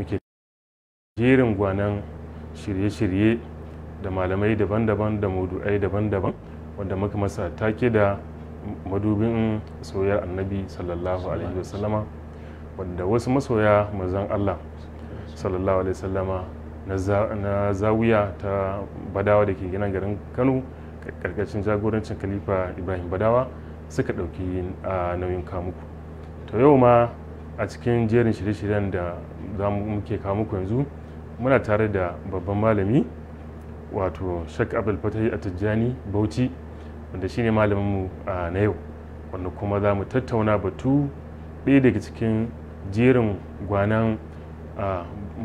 muke jerin gwanan shirye-shirye da malamai daban-daban da maudu'ai daban-daban wanda muka masa take da madubin soyar annabi sallallahu alaihi wasallama wanda wasu masoya mazan Allah sallallahu alaihi wasallama na zawiya ta badawa da ke gina garin Kano karkashin jagorancin Khalifa Ibrahim Badawa suka ɗauki nauyin kamuku to yau ma a cikin jerin shirye-shiryen da za muke kawo muku yanzu muna tare da babban malami wato shek abdul fatahi a tijjani bauchi wanda shine malaminmu a na yau wanda kuma za mu tattauna batu ɗaya daga cikin jerin gwanan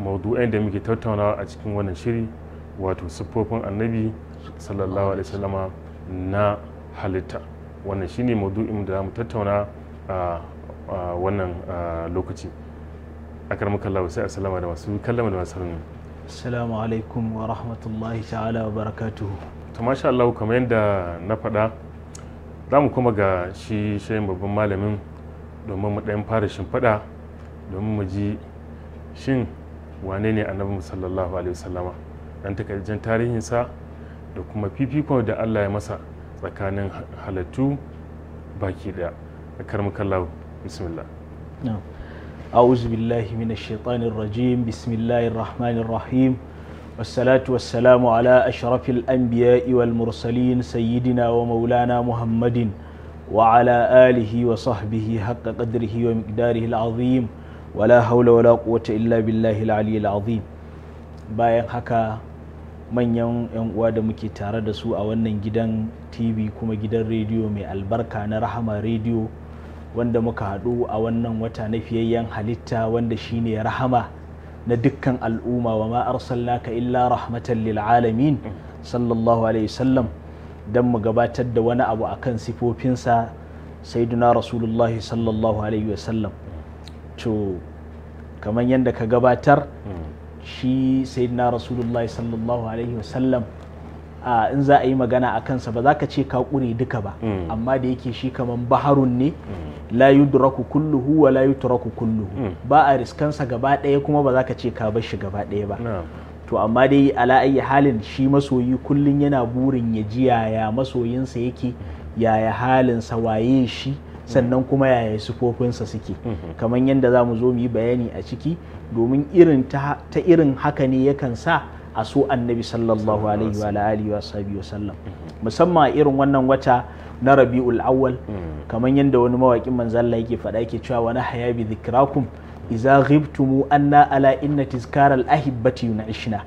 maudu'ai da muke tattaunawa a cikin wannan shiri wato siffofin annabi sallallahu alaihi wasallama na halitta wannan shine maudu'in da za mu tattauna wannan lokaci a akarmakallahu sai salama da masu kallama da masu rinu assalamu alaikum wa rahmatullahi ta'ala wa barakatuhu to masha Allah kamar yadda na faɗa za mu kuma ga shi shayin babban malamin domin mu ɗayan fara shimfiɗa domin mu ji shin wane ne annabi sallallahu alaihi wasallama dan takaitaccen tarihinsa da kuma fifikon da Allah ya masa tsakanin halattu baki ɗaya karmakallahu bismillah na'am أعوذ بالله من الشيطان الرجيم بسم الله الرحمن الرحيم والصلاة والسلام على أشرف الأنبياء والمرسلين سيدنا ومولانا محمد وعلى آله وصحبه حق قدره ومقداره العظيم ولا حول ولا قوة إلا بالله العلي العظيم bayan haka manyan 'yan uwa da muke tare da su a wannan gidan tv kuma gidan rediyo mai albarka na rahama rediyo wanda muka haɗu a wannan wata na fiyayyen halitta wanda shine rahama na dukkan al'umma wa ma sallaka illa rahmatan lil alamin sallallahu alaihi wasallam dan mu gabatar da wani abu akan sifofinsa sayyiduna rasulullah sallallahu alaihi wasallam to kamar yadda ka gabatar hmm. shi sayyiduna rasulullah sallallahu alaihi wasallam in za a yi magana a kansa ba za ka ce ka ƙure duka ba mm. amma da yake shi kamar baharun ne la duraku kulluhu wa la turaku kulluhu mm. ba a riskansa gaba ɗaya kuma ba za ka ce ka bar shi gaba ɗaya ba to amma dai ala ayi halin shi masoyi kullun yana burin ya ji yaya masoyinsa yake yaya halinsa waye shi sannan mm. kuma yaya sufofinsa suke mm-hmm. kamar yadda za mu zo mu yi bayani a ciki domin irin ta irin haka ne yakan sa a so annabi sallallahu alaihi wa alihi wa sahbihi sallam musamman irin wannan wata na rabi'ul awwal mm. kamar yadda wani mawakin manzalla yake faɗa yake cewa wani haya bi dhikrakum idza ghibtumu anna ala inna tizkaral ahibbati yun'ishna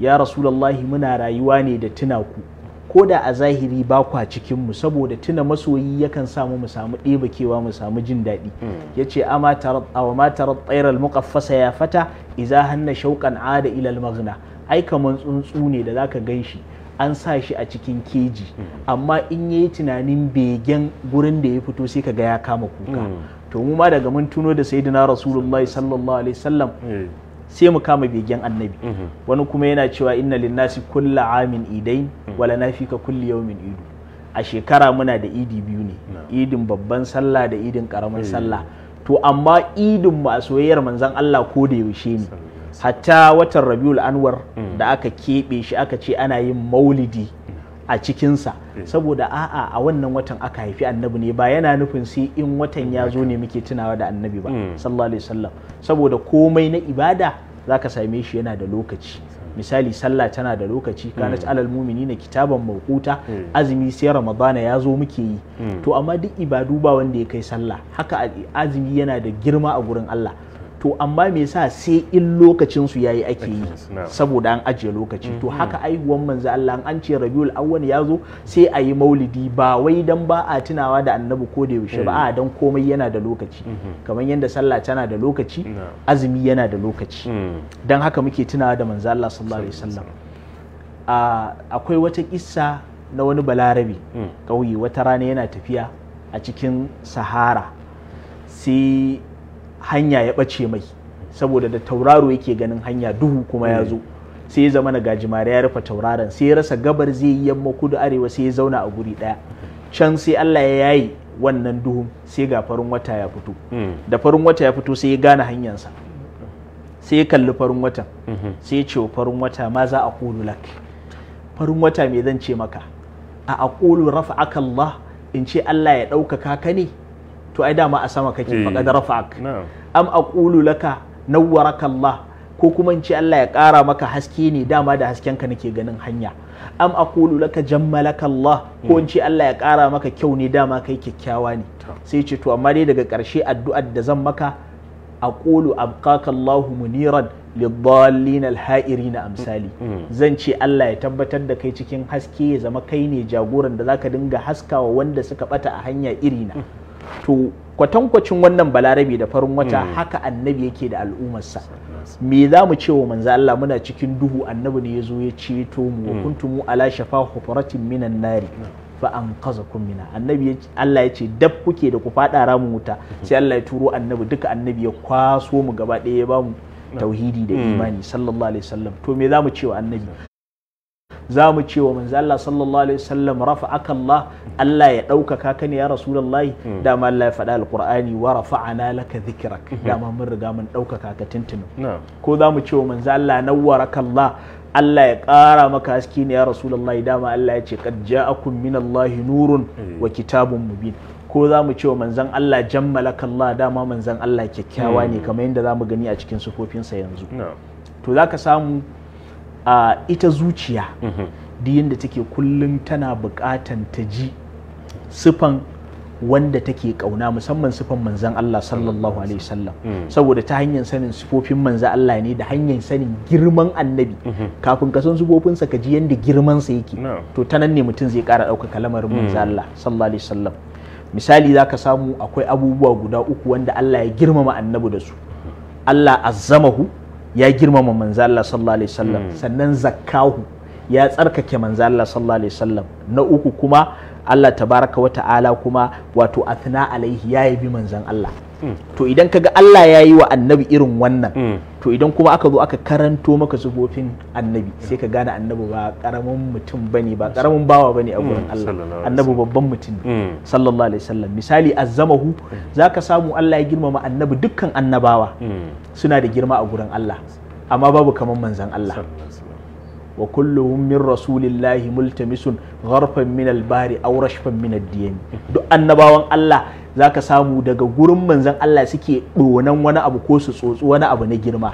ya rasulullahi muna rayuwa ne da tuna ku ko da a zahiri ba kwa cikin mu saboda tuna masoyi yakan samu mu samu ɗeba kewa mu samu jin daɗi hmm. yace ama tarat ma tarat tsairal fasa ya fata iza hanna shauƙan ada ila magna ai kaman tsuntsu ne da zaka shi an sa shi a cikin keji hmm. amma in yi tunanin begen gurin da ya fito sai ka ya kama kuka hmm. to mu ma daga mun tuno da sayyidina rasulullahi sallallahu alaihi wasallam eh. sai mu kama begen annabi mhm. wani kuma yana cewa inna linnasi kulla amin idain mhm. wala nafika kulli yawmin idu a shekara muna da idi biyu ne idin babban sallah da idin karamin eh. sallah to amma idin mu a soyayyar manzon Allah ko da yaushe ne hatta watan rabiul anwar mm. da aka keɓe shi aka ce ana yin maulidi a cikinsa eh. saboda a'a a wannan watan aka haifi annabi ne ba yana nufin sai in watan ya zo ne muke tunawa da annabi ba hmm. sallallahu alaihi wasallam saboda komai na ibada zaka same shi yana da lokaci misali sallah tana da lokaci hmm. kanat alal mumini na kitaban mawquta hmm. azumi sai ramadana ya zo muke yi to amma duk ibadu ba wanda ya kai sallah haka azumi yana da girma a gurin Allah to amma me sa sai in lokacin su yayi ake yi saboda an ajiye lokaci to mm-hmm. haka aihuwan manzo Allah an ce Rabiul Awwal ya zo sai a yi maulidi ba wai dan ba a tunawa da Annabi ko da yaushe ba mm. a dan komai yana da lokaci mm-hmm. kamar yadda sallah tana da lokaci azumi yana da lokaci mm. dan haka muke tunawa da manzo Allah sallallahu alaihi wasallam ah, akwai wata kissa na wani balarabe Kauye mm. wata rana yana tafiya a cikin sahara sai hanya ya ɓace mai saboda da tauraro yake ganin hanya duhu kuma ya zo sai ya zama na gajimare ya rufe tauraron sai ya rasa gabar zai yi yamma kudu arewa sai ya zauna a guri ɗaya can sai Allah ya yayi wannan duhun sai ga farin wata ya fito hmm. da farin wata ya fito sai ya gane hanyarsa sai ya kalli farin watan hmm. sai ya ce wa farin wata ma za a kulu lak farin wata me zan ce maka a aqulu rafa'aka Allah in ce Allah ya ɗaukaka ka ne to ai dama a sama kake eh. faqad rafa'ak am aqulu laka nawwaraka Allah ko kuma in ce Allah ya ƙara maka haske ne dama da hasken ka nake ganin hanya am aqulu laka jammalaka Allah ko in ce Allah ya ƙara maka kyau ne dama kai kyakkyawa ne sai ce to amma dai daga karshe addu'ar da zan maka aqulu abqaka Allah muniran na alha'irin amsali mm. Mm. zan ce Allah ya tabbatar da kai cikin haske ya zama kai ne jagoran da zaka dinga haskawa wanda suka bata a hanya irina mm. to kwatankwacin wannan balarabe da farin wata hmm. haka annabi yake da al'ummarsa me za mu ce wa manzo Allah muna cikin duhu annabi ne ya zo ya ceto mu wa hmm. kuntumu ala shafa hufratin minan nari fa anqazakum mina annabi Allah ya ce dab kuke da ku fada ramin wuta hmm. sai Allah ya turo annabi duka annabi ya kwaso mu gaba daya ya bamu tauhidi da imani sallallahu alaihi wasallam to me za mu ce wa annabi za mu ce wa manzo Allah sallallahu alaihi wasallam rafa'aka Allah Allah ya ɗaukaka ka ne ya rasulullahi hmm. da ma Allah ya faɗa alqur'ani wa rafa'ana laka dhikrak hmm. da ma mun riga mun ɗaukaka ka tuntuni ko za mu ce wa manzo Allah nawwaraka Allah Allah ya ƙara maka haske ne ya rasulullahi ma Allah ya ce qad ja'akum minallahi nurun hmm. wa kitabun mubin ko za mu ce wa manzan Allah jammalaka Allah ma manzan Allah kyakkyawa ne kamar yadda za mu gani a cikin sufofinsa yanzu to za ka samu a ita zuciya mhm. da yadda take kullum tana buƙatan ta ji sifan wanda take kauna musamman sifan manzan Allah sallallahu alaihi wasallam mm. saboda ta hanyar sanin sifofin manzan Allah ne da hanyar sanin girman annabi mhm. kafin ka san sifofinsa ka ji yadda girmansa yake to ta nan ne mutum zai ƙara ɗaukaka lamarin mm. manzan Allah sallallahu alaihi wasallam misali za ka samu akwai abubuwa guda uku wanda Allah ya girmama annabi da su mhm. Allah azzamahu ya girmama manzo Allah sallallahu alaihi wasallam hmm. sannan zakkahu ya tsarkake manzo Allah sallallahu alaihi wasallam na uku kuma Allah tabaraka wa ta'ala kuma wato athna alaihi ya bi manzon Allah to idan kaga Allah ya yi wa annabi irin wannan hmm. to idan kuma aka zo aka karanto maka sufofin annabi sai ka gane annabi ba karamin mutum ne ba karamin bawa ne a gurin hmm. Allah annabi babban mutum ne hmm. sallallahu alaihi wasallam misali azzamahu zaka samu Allah ya girmama annabi dukkan annabawa suna da girma a gurin Allah amma babu kamar manzon Allah wa kullum min rasulillahi multamisun gharfan min albari aw rashfan min ad diyan duk annabawan Allah zaka samu daga gurin manzon Allah suke donan wani abu ko su tsotsu wani abu na girma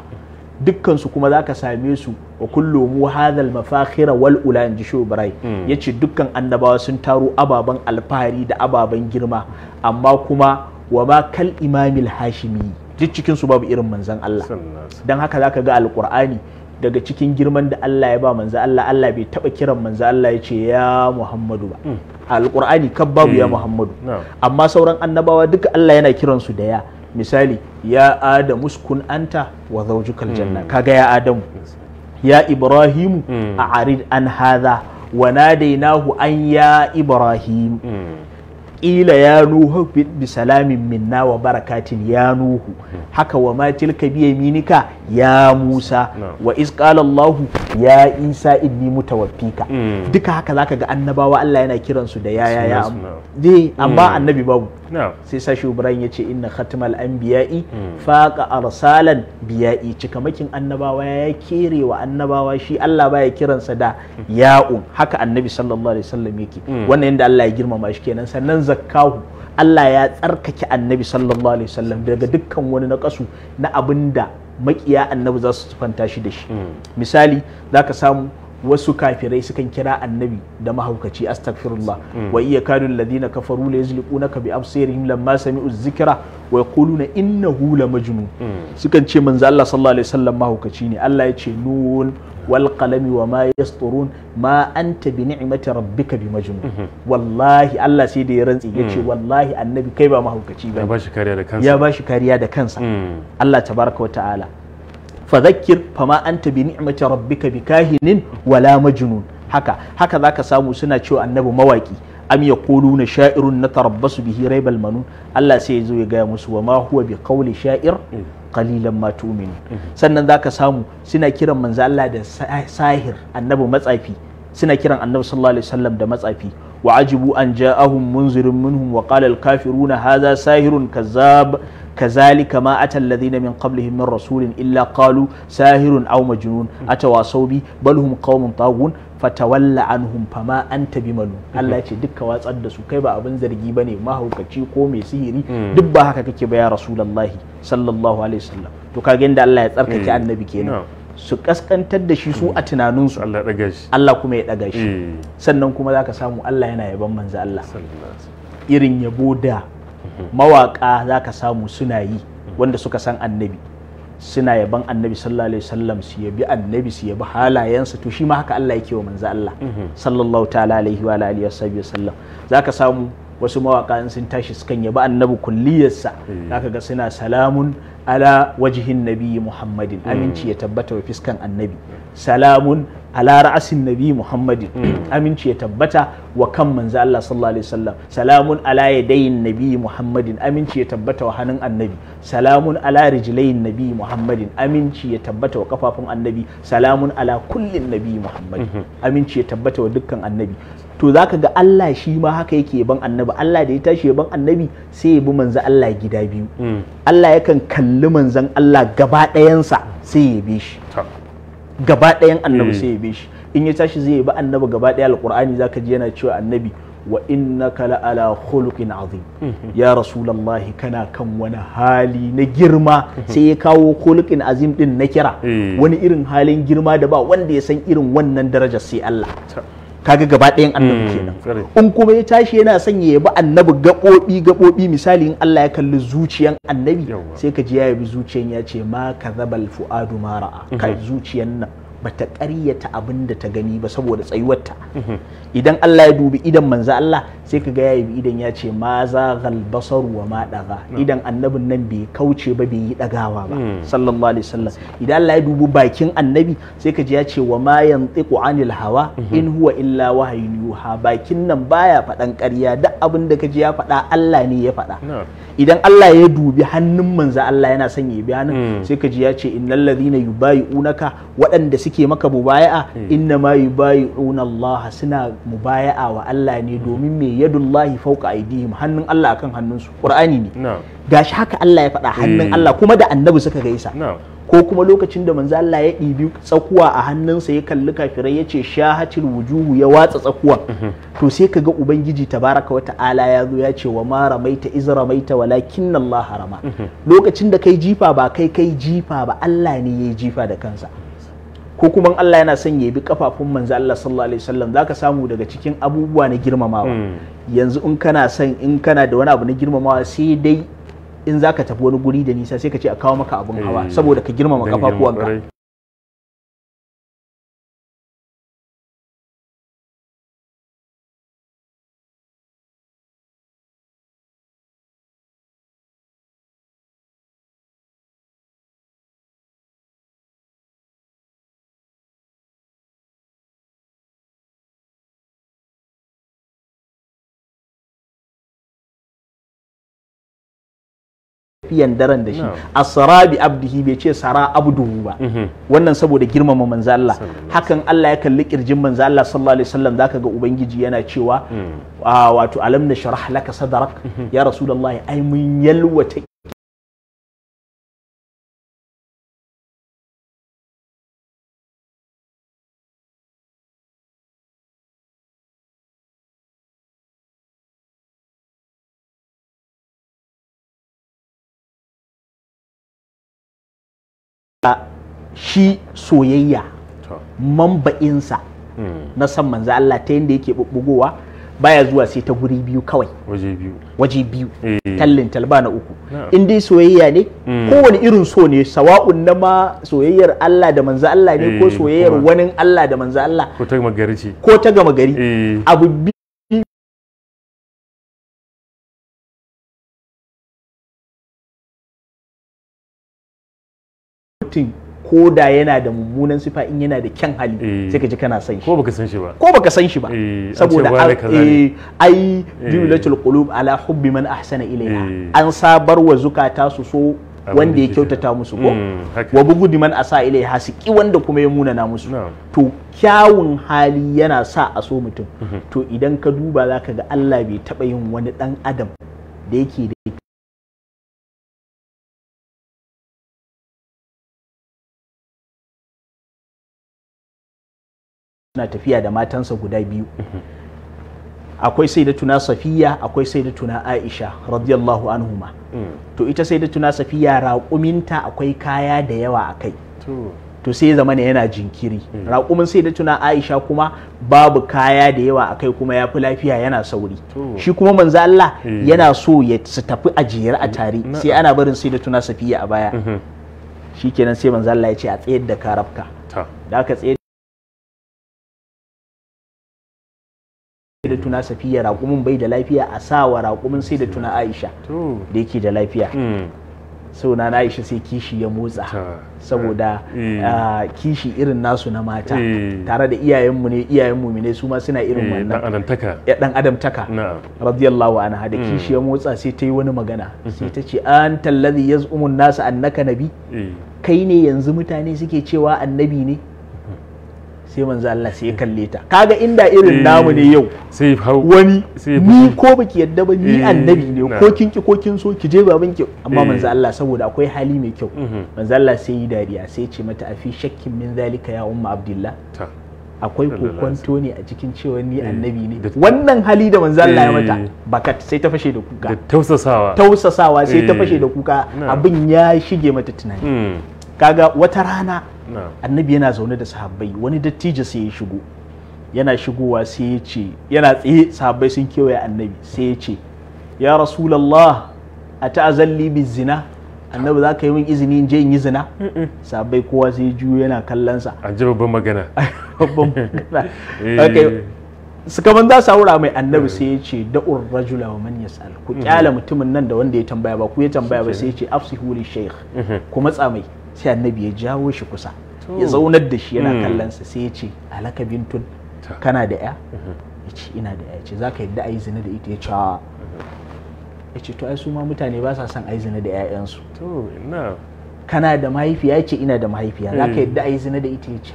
dukkan su kuma zaka same su wa kullum hadha al-mafakhira wal ula inji shubrai hmm. yace dukkan annabawa sun taro ababan alfahari da ababan girma amma kuma wa ba kal imamil hashimi duk cikin su babu irin manzon Allah dan haka zaka ga alqur'ani daga cikin girman da Allah ya ba manzo Allah Allah bai taba kiran manzo Allah ya ce ya Muhammadu ba hmm. alqur'ani kan babu ya eh. Muhammadu amma sauran annabawa duka Allah yana kiran su da ya misali ya Adam uskun anta wa zawjukal hmm. janna kaga ya Adamu ya Ibrahim a hmm. arid an hadha wa nadainahu an ya Ibrahim Ila ya nuhu bi salamin minna wa barakatin ya nuhu haka wa ma tilka biya minika ya Musa wa isqalallahu ya Isa inni mutawaffika mm. duka haka zaka ga annabawa Allah yana kiransu da ya ya ya ne amma mm. annabi babu sai sashi Ibrahim yace inna khatmal anbiya'i mm. faqa arsalan biya'i cikamakin annabawa ya kere wa annabawa shi Allah baya kiransa da ya'un haka annabi sallallahu alaihi wasallam yake wannan yanda Allah ya girmama shi kenan sannan zakkahu Allah ya tsarkake annabi sallallahu alaihi wasallam daga dukkan wani nakasu na abinda makiya annabi za su sufanta shi da shi mm. misali za ka samu wasu kafirai sukan kira annabi da mahaukaci astaghfirullah mm. wa iya na alladhina kafaru la yuzliqunaka bi absirihim lamma sami'u dhikra wa yaquluna innahu la majnun mm. sukan ce manzo Allah sallallahu alaihi wasallam mahaukaci ne Allah ya ce nun wal qalami wa ma yasturun ma anta bi ni'mati rabbika bi majnun mhm. wallahi Allah sai da ya rantsi ya ce mm. wallahi annabi kai ba mahaukaci ba ya bashi kariya da kansa ya bashi kariya da kansa Allah tabaraka wa ta'ala fadhakkir fama anta bi ka rabbika kahinin wala majnun haka haka zaka samu suna cewa annabi mawaki am na sha'irun tarabbasu bihi raibal manun Allah sai ya zo ya gaya musu wa ma huwa bi qawli sha'ir qalilan ma tu'minu sannan zaka samu suna kiran manzo Allah da sahir annabi matsafi suna kiran annabi sallallahu alaihi wasallam da matsafi wa ajibu an ja'ahum munzirun minhum wa qala al kafiruna hadha sahirun kazzab كذلك ما أتى الذين من قبلهم من رسول إلا قالوا ساهر أو مجنون أتواصوا به بل هم قوم طاغون an anhum fama anta bimanu Allah ce dukka watsar da su kai ba abin zargi bane mahaukaci ko mai sihiri duk ba haka kake baya ya sallallahu alaihi wasallam to kaga inda Allah ya tsarkake annabi kenan su kaskantar da shi su a tunanin su Allah daga shi Allah kuma ya daga shi sannan kuma zaka samu Allah yana yaban manzo Allah irin yabo da mawaka za ka samu suna yi wanda suka san annabi suna yaban annabi sallallahu alaihi wasallam su yabi annabi su yabi halayensa to shi ma haka Allah yake wa manzo Allah mhm. sallallahu ta'ala alaihi wa alihi wasallam zaka samu wasu mawaka in sun tashi sukan yaba annabi kulliyarsa hmm. zaka ga suna salamun ala wajihin nabi muhammadin hmm. aminci ya tabbata wa fiskan annabi salamun ala ra'asin nabi muhammadin hmm. aminci ya tabbata wa kan manzo Allah sallallahu alaihi wasallam salamun ala yadayin nabi muhammadin aminci ya tabbata wa hannun annabi salamun ala rijlayin nabi muhammadin aminci ya tabbata wa kafafun annabi salamun ala kullin nabi muhammadin aminci ya tabbata wa dukkan annabi to za ka ga Allah shi ma haka yake ban annabi Allah da ya tashi ban annabi sai ya bi manzo Allah gida biyu hmm. Allah yakan kalli manzon Allah gaba ɗayansa sai ya bi shi gaba ɗayan annabi hmm. sai ya bi shi in ya tashi zai bi annabi gaba ɗaya alqur'ani zaka ji yana cewa annabi wa innaka la ala khuluqin azim hmm. ya rasulullahi kana kan wani hali na girma sai ya kawo khuluqin azim din na kira wani irin halin girma da ba wanda ya san irin wannan darajar sai Allah kaga gaba ɗayan annabi hmm, kenan in kuma ya tashi yana son ya yabi annabi gaɓoɓi gaɓoɓi misali in Allah ya kalli zuciyan annabi sai ka ji ya yabi zuciyan ya ce ma kazabal fu'adu ma ra'a ka hmm. zuciyan nan bata ƙaryata abin da ta gani ba saboda tsayuwarta hmm. idan Allah ya dubi idan manza Allah sai ka ga ya idan ya ce ma za galbasar wa ma daga idan annabin nan bai kauce ba bai yi dagawa ba hmm. sallallahu alaihi wasallam idan Allah ya dubi bakin annabi sai ka ji ya ce wa ma yantiqu anil hawa hmm. in huwa illa wahyun yuha bakin nan baya fadan ƙarya duk abin da ka ji ya fada Allah ne ya fada idan Allah ya dubi hannun manza Allah yana son ya bi hannun hmm. sai ka ji ya ce innal ladhina yubayi'unaka waɗanda suke maka mubaya'a inna ma yubayi'una Allah suna mubaya'a wa Allah ne domin me yadullahi fauka aidihim hannun Allah akan hannunsu qur'ani ne gashi haka Allah ya faɗa hannun eh. Allah kuma da annabi suka gaisa ko kuma lokacin da manzo Allah ya ɗibi tsakuwa a hannunsa ya kalli kafirai ya ce shahatil wujuhu ya watsa tsakuwa mhm. to sai ka ga ubangiji tabaraka wata ala ya zo ya ce wa ma ramaita iz ramaita walakin Allah harama mhm. lokacin da kai jifa ba kai kai jifa ba Allah ne ya jifa da kansa ko kuma Allah yana son ya bi kafafun manzo Allah sallallahu alaihi wasallam zaka samu daga cikin abubuwa na girmamawa hmm. yanzu in kana son in kana da wani abu na girmamawa sai dai in zaka tafi wani guri da nisa sai ka ce a kawo maka abun hawa hmm. saboda ka girmama kafafuwanka tafiyan daren da shi a bi abdihi bai ce sara abduhu ba mhm. wannan saboda girmama manzo Allah hakan Allah ya kalli kirjin manzo Allah sallallahu alaihi wasallam zaka ga ubangiji yana cewa mm. ah, wato alam nashrah laka sadrak mhm. ya rasulullahi ai mun yalwata shi soyayya mamba'insa hmm. na san manzo Allah ta yadda yake bubbugowa baya zuwa sai ta guri biyu kawai waje biyu waje biyu eh. tallin talba na uku in dai soyayya ne hmm. kowane irin so ne sawa'un na ma soyayyar Allah da manzo Allah ne ko eh, soyayyar wani Allah da manzo Allah ko ta gama gari ko ta gama gari eh. abu mutum ko da yana da mummunan sifa in yana da kyan hali eh. sai ka ji kana san shi ko baka san shi ba ko baka san shi ba eh, saboda eh, ai dilatul qulub ala hubbi man ahsana ilayha an sabar wa zukata su so wanda ya kyautata musu ko mm, wa bugudi man asa ilayha su ki wanda kuma ya munana musu to kyawun hali yana sa a so mutum mhm. to idan ka duba zaka ga Allah bai taba yin wani dan adam da yake da suna tafiya da matansa guda biyu akwai sai da tuna safiya akwai sai da tuna aisha radiyallahu anhuma mm. to ita sai da tuna safiya raƙuminta akwai kaya da yawa a kai to sai zama ne yana jinkiri mm. raƙumin sai da tuna aisha kuma babu kaya da yawa a kai kuma ya fi lafiya yana sauri shi kuma manzo Allah eh. yana so ya su tafi a a tare sai ana barin sai da tuna safiya a baya mm-hmm. shikenan sai manzo Allah ya ce a tsayar da karafka da aka tsayar da tuna safiya raƙumin bai da lafiya a sawa wa raƙumin sai da tuna aisha da yake da lafiya hmm. so na aisha sai kishi ya motsa saboda hmm. kishi irin nasu na mata hmm. tare da iyayenmu ne iyayenmu ne su ma suna irin wannan dan adam taka radiyallahu anha da kishi ya motsa sai ta yi wani magana sai ta ce an tallazi yaz'umun nasu annaka nabi kai ne yanzu mutane suke cewa annabi ne sai manzo Allah sai ya kalle ta kaga inda irin eh, namu ne yau sai wani ni ko baki yadda ba ni eh, annabi ne ko kin ki ko kin so ki je baban ki amma eh. manzo Allah saboda akwai hali mai kyau mhm. manzo Allah sai yi dariya sai ce mata afi shakkin min zalika ya umma abdullah akwai kokonto ne a cikin cewa ni annabi ne wannan hali da manzo Allah ya mata bakat sai ta fashe da kuka da tausasawa tausasawa sai ta fashe da kuka abin ya shige mata tunani hmm. kaga wata rana annabi yana zaune da sahabbai wani dattijo sai ya shigo yana shigowa sai ya ce yana tsaye sahabbai sun kewaye annabi sai ya ce ya rasulallah a ta'azalli bi zina annabi za ka yi min izini in je in yi zina sahabbai kowa sai juyo yana kallon sa an ji babban magana babban magana eh. suka man za su haura mai annabi eh. sai ya ce da'ur rajula wa man yas'al ku kyala mm-hmm. mutumin nan da wanda ya tambaya ba ku ya tambaya ba sai ya ce afsihu li shaykh mm-hmm. ku matsa mai sai annabi ya jawo shi kusa ya zaunar da shi yana kallon sa sai ya ce alaka bintun kana da ya ya ce ina da ya ce zaka yadda ayi zina da ita ya cewa ya ce to ai su ma mutane ba sa son ai zina da 'ya'yansu to ina kana da mahaifiya ya ce ina da mahaifiya za ka yadda ayi zina da ita ya ce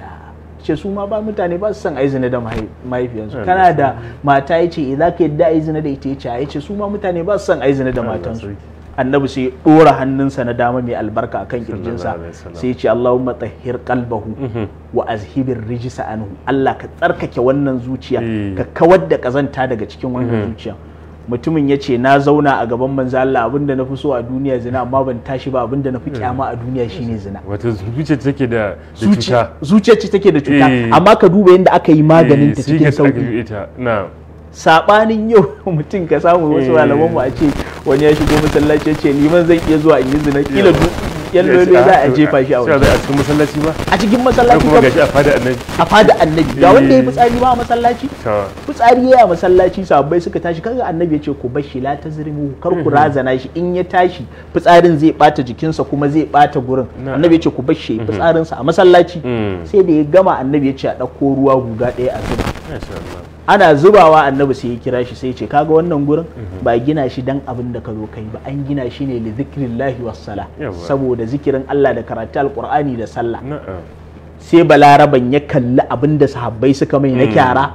ce su ma ba mutane ba su son zina da mahaifiyansu kana da mata ya ce za ka yadda zina da ita ya ce su ma mutane ba su son zina da matansu annabi sai dora hannunsa na dama mai albarka akan kirjinsa sai ce Allahumma tahhir kalbahu mhm. wa azhibir rijsa anhu Allah ka tsarkake wannan zuciya eh. ka kawar da kazanta daga cikin wannan mhm. zuciya mutumin ya ce na zauna a gaban manzo Allah abinda na fi so a duniya zina amma ban tashi ba abinda na fi hmm. kyama a duniya shine zina wato zuciya take da cuta zuciya take da cuta amma ka duba yadda aka yi maganin ta eh, cikin sauki sabanin yau mutum ka samu wasu eh. malaman mu a ce wani ya shigo masallaci ya ce liman zan iya zuwa in yi zina kila yallo za a jefa shi a wani a cikin masallaci ba a cikin masallaci kuma gashi a fada annabi a fada annabi ga wanda ya eh. fitsari ba a masallaci fitsari ya masallaci sabai suka tashi kaga annabi ya ce ku bashi la tazrimu kar ku mhm. razana shi in ya tashi fitsarin zai bata jikinsa kuma zai bata gurin annabi ya ce ku bashi mhm. fitsarinsa a masallaci mm. sai da ya gama annabi ya ce a dauko ruwa guga daya a zuba ana zubawa annabi sai ya kira shi sai ce kaga wannan gurin mhm. ba gina shi dan abin da ka zo kai ba an gina shi ne li zikrillahi wassala saboda zikirin Allah da karatu alkur'ani da sallah sai balaraban ya kalli abin da sahabbai suka mai na mm. kyara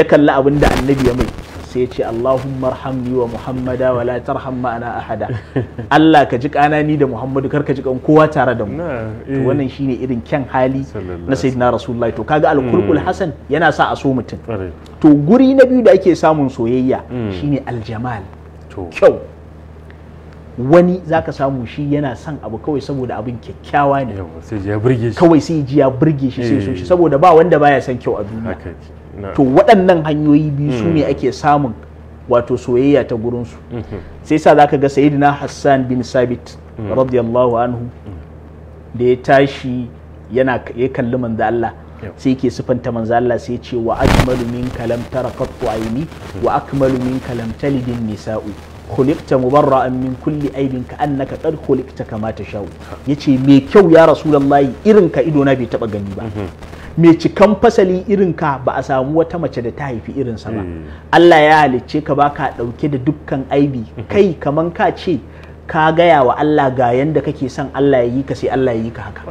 ya kalli abin da annabi ya mai sai ce Allahumma arhamni wa Muhammada wa la tarham ma'ana ahada Allah ka ji kanani da Muhammadu kar ka ji kan kowa tare da mu to eh. wannan shine irin kyan hali na sayyidina Rasulullahi to kaga alkulkul Hassan hmm. yana sa a so mutum to guri na biyu da ake samun soyayya hmm. shine aljamal kyau wani zaka samu shi yana son abu kawai saboda abin kyakkyawa ne kawai sai ji ya burge shi sai so shi eh. saboda ba wanda baya son kyau a duniya to waɗannan hanyoyi biyu su ne hmm. ake samun wato soyayya ta gurinsu mhm. sai sa za ka ga sayidina hassan bin sabit hmm. radiyallahu anhu hmm. da ya tashi yana ya kalli manzo Allah sai ke sifanta manzo Allah sai ce wa akmalu min kalam tarakattu aini wa akmalu min kalam talidin nisa'u khuliqta mubarra'an min kulli aibin ka annaka qad khuliqta kama tashau yace mai kyau ya rasulullahi irin ka ido na bai taɓa gani ba mhm. mai cikan fasali irin ka ba a samu wata mace da ta haifi irinsa ba hmm. Allah ya halicce ka ba ka ɗauke da dukkan aibi hmm. kai kaman ka ce ka gaya wa Allah ga yanda kake son Allah ya yi ka sai Allah ya yi ka haka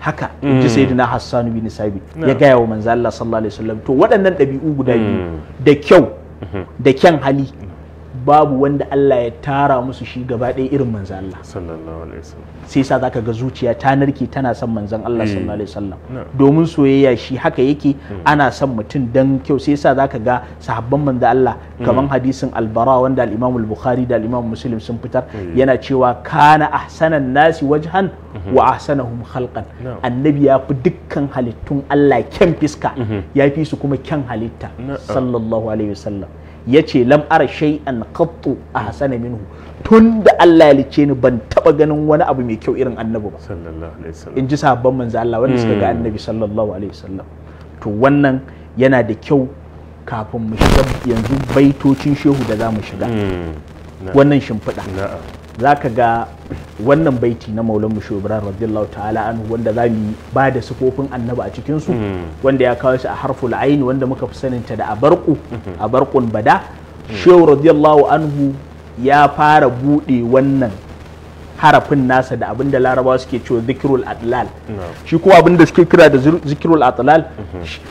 haka hmm. ji sayyidina Hassan bin Sabit ya gaya wa manzo Allah sallallahu alaihi wasallam to waɗannan ɗabi'u guda biyu da kyau da kyan hali babu wanda Allah ya tara musu shi gaba ɗaya irin manzan Allah sallallahu alaihi wasallam sai sa zaka ga zuciya ta narke tana son manzan Allah hmm. sallallahu alaihi wasallam domin soyayya shi haka yake hmm. ana son mutum dan kyau sai sa zaka ga sahabban manzan Allah hmm. kamar hadisin albara wanda al-Imam al-Bukhari da al-Imam Muslim sun fitar yana cewa kana ahsanan nasi wajhan wa ahsanahum khalqan annabi ya fi dukkan halittun Allah kyan fiska ya fi su kuma kyan halitta sallallahu alaihi wasallam ya ce lam ara shay'an a hasana minhu tun da Allah ya lice ni ban taba ganin wani abu mai kyau irin annabi ba sallallahu alaihi wasallam in ji sahabban manzo Allah wanda suka ga hmm. annabi sallallahu alaihi wasallam to wannan yana da kyau kafin mu shiga yanzu baitocin shehu da za mu shiga hmm. wannan shimfiɗa za ka ga wannan baiti na maulan mu ibrahim radiyallahu ta'ala anhu wanda za mu yi ba da sufofin annaba a cikinsu. Hmm. wanda ya kawo shi a harful aini wanda muka fi saninta da abarku hmm. abarkun bada hmm. shehu radiyallahu anhu ya fara buɗe wannan harafin nasa da abinda larabawa suke cewa zikirul atlal shi abin abinda suke kira da zikirul atlal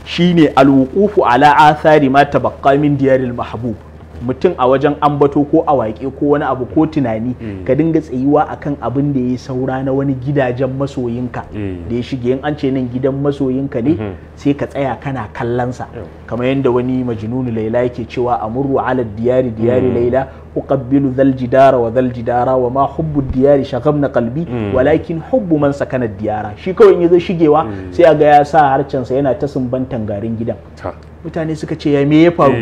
shine alwuqufu ala athari ma tabaqqa min diyaril mahbub mutum a wajen ambato ko a waƙe ko wani abu ko tunani mm. ka dinga tsayuwa akan abin da ya yi saura na wani gidajen masoyinka mm. da ya shige in an ce nan gidan masoyinka ne mm-hmm. sai ka tsaya kana kallonsa kamar yadda wani majinuni laila yake cewa a amurru ala diyari diyari mm. laila uqabbilu zalji jidara wa dhal jidara wa ma hubbu diyari shaghamna kalbi walakin hubbu mansa sakana diyara shi kawai in yazo shigewa sai a ga ya sa harcen sa yana ta sumbantan garin gidan mutane suka ce ya me ya faru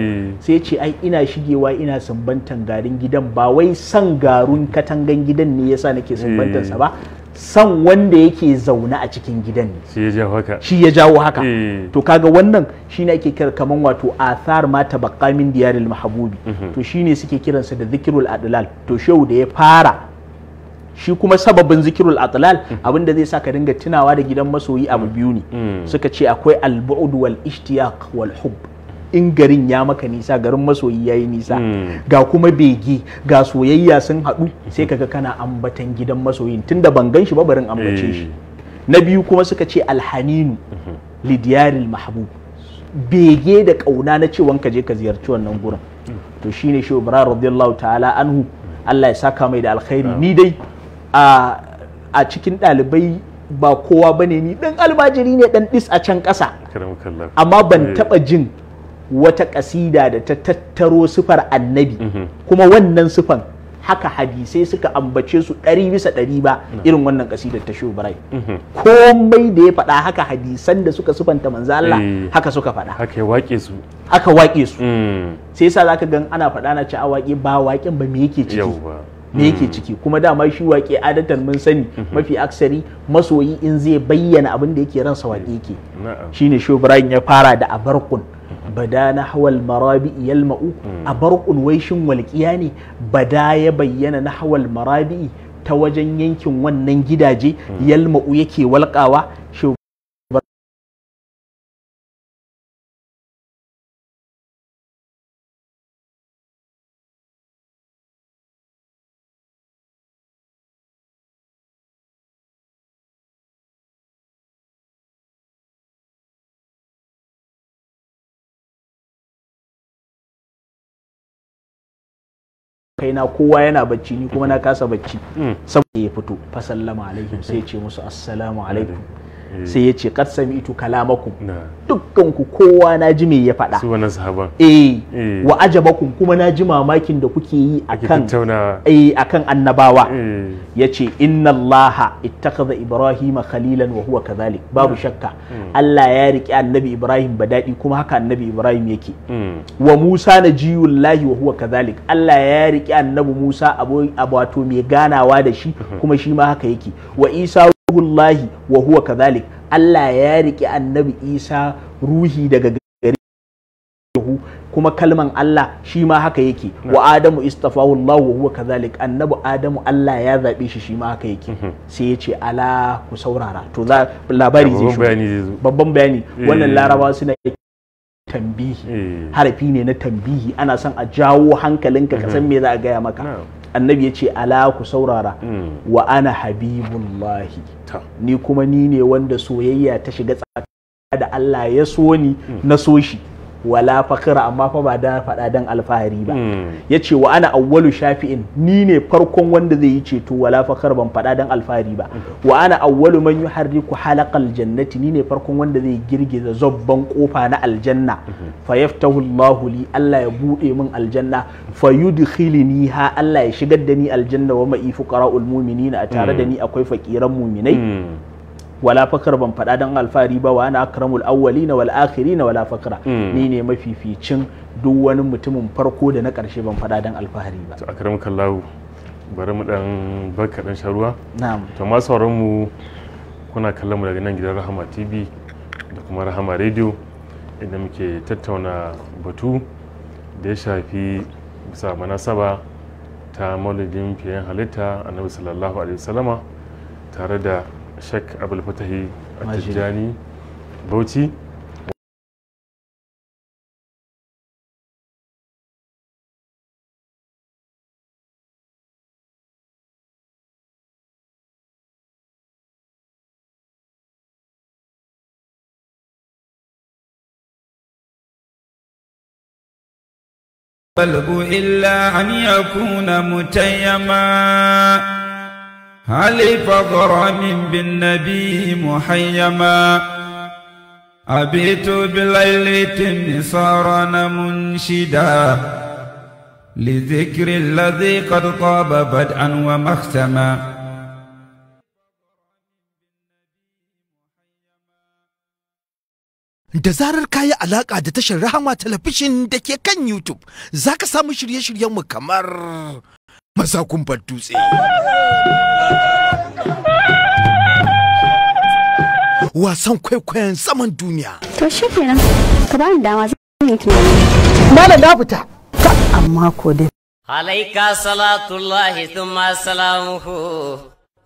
sai ya ce ai ina shigewa ina sumbantan garin gidan ba wai san garun katangan gidan ne yasa nake sumbantan ba san wanda yake zaune a cikin gidan ne shi ya jawo haka Shi ya jawo haka. Eh. to kaga wannan shine ake kira kaman wato athar ma tabaqamin diyaril mahbubi mhm. to shine suke kiransa da zikrul adlal to shau da ya fara shi kuma sababin zikirul adlal mhm. abinda zai sa ka dinga tunawa da gidan masoyi abu mm. biyu ne mm. suka ce akwai al wal ishtiyaq wal hubb in garin ya maka nisa garin masoyi ya yi nisa hmm. ga kuma bege ga soyayya sun haɗu sai kaga kana ambatan gidan masoyin tunda ban gan shi ba barin ambace shi eh. na biyu kuma suka ce alhaninu mhm. lidiyaril mahbub bege da ƙauna na ce wanka je ka ziyarci wannan gurin hmm. to shine shi ibrahim radiyallahu ta'ala anhu hmm. Allah ya saka mai da alkhairi ni dai a cikin ɗalibai ba kowa bane ni dan albajiri ne dan dis a can ƙasa amma ban eh. taɓa jin wata kasida da ta tattaro sifar annabi mhm. kuma wannan sifan haka hadisai suka ambace su ɗari bisa ɗari ba mhm. irin wannan kasidar ta shehu mhm. komai da ya faɗa haka hadisan da suka sufanta manzo Allah eh. haka suka faɗa haka waƙe su haka waƙe su mm. sai yasa zaka gan ana faɗa na ci a waƙe ba waƙen ba me yake ciki me yake mm. ciki kuma dama shi waƙe adatan mun sani mafi aksari masoyi in zai bayyana abin da yake ransa waƙe yake shine shehu ya fara da abarkun bada na hawal marabi yalma'u a barkun waishin walƙiya ne bada ya bayyana na hawal marabi ta wajen yankin wannan gidaje yalma'u yake walƙawa shi kaina kowa yana bacci ni kuma na kasa bacci mm. saboda ya fito fa sallama alaikum sai ya ce musu assalamu alaikum sai ya ce qad sami'tu kalamakum dukkanku kowa na ji me ya faɗa su wannan sahaban eh, eh wa ajabakum kuma na ji mamakin da kuke yi akan eh akan annabawa eh. yace inna allaha ittakhadha ibrahima khalilan wa huwa kadhalik babu hmm. shakka hmm. Allah ya riki annabi ibrahim ba daɗi. kuma haka annabi ibrahim yake hmm. wa musa najiyullahi wa huwa kadhalik Allah ya riki annabi musa abu wato mai ganawa da shi kuma shi ma haka yake wa isa ruhullahi wa huwa kadhalik Allah ya riƙe annabi Isa ruhi daga gari kuma kalman Allah shi ma haka yake wa Adamu istafahu Allah wa huwa kazalik annabi Adamu Allah ya zaɓe shi shi ma haka yake mhm. sai ya ce ala ku saurara to labari zai shi babban bayani wannan eh. laraba suna tambihi eh. harafi ne na tambihi ana son a jawo hankalinka ka san mhm. me za a gaya maka annabi ya ce ala ku saurara mm. wa ana habibullahi ni kuma ni ne wanda soyayya ta shiga tsakanin da Allah ya so ni mm. na so shi wala fakira amma fa ba da faɗa dan alfahari ba hmm. ya ce wa ana awwalu shafi'in ni ne farkon wanda zai yi ceto wala fakar ban faɗa dan alfahari ba wa ana awwalu man yuharriku halaqal jannati ni ne farkon wanda zai girgiza zobban kofa na aljanna fa yaftahu Allahu li Allah ya bude min aljanna fa yudkhilni ha Allah ya shigar da ni aljanna wa ma'i fuqara'ul mu'minina a tare da ni hmm. akwai fakiran mu'minai hmm. wala fakar ban faɗa dan alfahari ba wa ana akramul awwalina wal akhirina wala fakra hmm. ni ne mafificin duk wani mutumin farko da na karshe ban faɗa dan alfahari ba to akram kallahu bari mu dan barka dan sharuwa na'am to ma sauran mu kuna kallon mu daga nan gidan Rahama TV da kuma Rahama Radio inda muke tattauna batu da ya shafi bisa manasaba ta maulidin fiye halitta annabi sallallahu alaihi wasallama tare da شك أبو الفتحي التجاني بوتي بلغوا إلا أن يكون متيماً هل فضرم بالنبي محيما أبيت بليلة نصارا منشدا لذكر الذي قد طاب بدءا ومختما da zarar kayi alaka da tashar rahama talabishin da ke kan YouTube za ka samu shirye-shiryenmu kamar masa kumfar dutse wasan kwaikwayon saman duniya to shi kenan ka ba ni dama zan yi tunani malam na fita amma ko dai alaika salatullahi thumma salamuhu